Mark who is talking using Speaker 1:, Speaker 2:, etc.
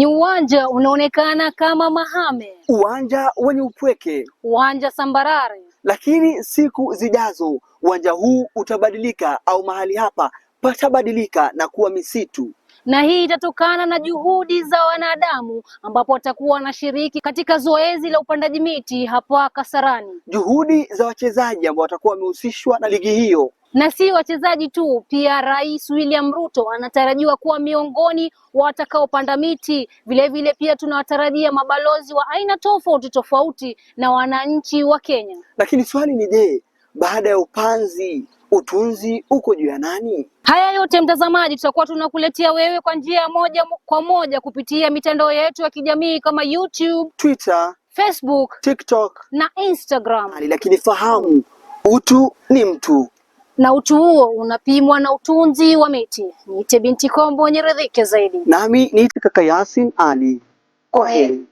Speaker 1: Ni uwanja unaonekana kama mahame,
Speaker 2: uwanja wenye upweke,
Speaker 1: uwanja sambarare,
Speaker 2: lakini siku zijazo uwanja huu utabadilika, au mahali hapa patabadilika na kuwa misitu
Speaker 1: na hii itatokana na juhudi za wanadamu ambapo watakuwa wanashiriki katika zoezi la upandaji miti hapa Kasarani,
Speaker 2: juhudi za wachezaji ambao watakuwa wamehusishwa na ligi hiyo
Speaker 1: na si wachezaji tu, pia Rais William Ruto anatarajiwa kuwa miongoni wa watakaopanda miti. Vilevile pia tunawatarajia mabalozi wa aina tofauti tofauti na wananchi wa Kenya.
Speaker 2: Lakini swali ni je, baada ya upanzi utunzi uko juu ya nani?
Speaker 1: Haya yote mtazamaji, tutakuwa tunakuletea wewe kwa njia moja kwa moja kupitia mitandao yetu ya kijamii kama YouTube, Twitter, Facebook,
Speaker 2: TikTok
Speaker 1: na Instagram.
Speaker 2: Lakini fahamu utu ni mtu
Speaker 1: na utu huo unapimwa na utunzi wa miti. Niite binti Kombo, wenye ridhike zaidi.
Speaker 2: Nami niite kaka Yasin Ali. Kwaheri.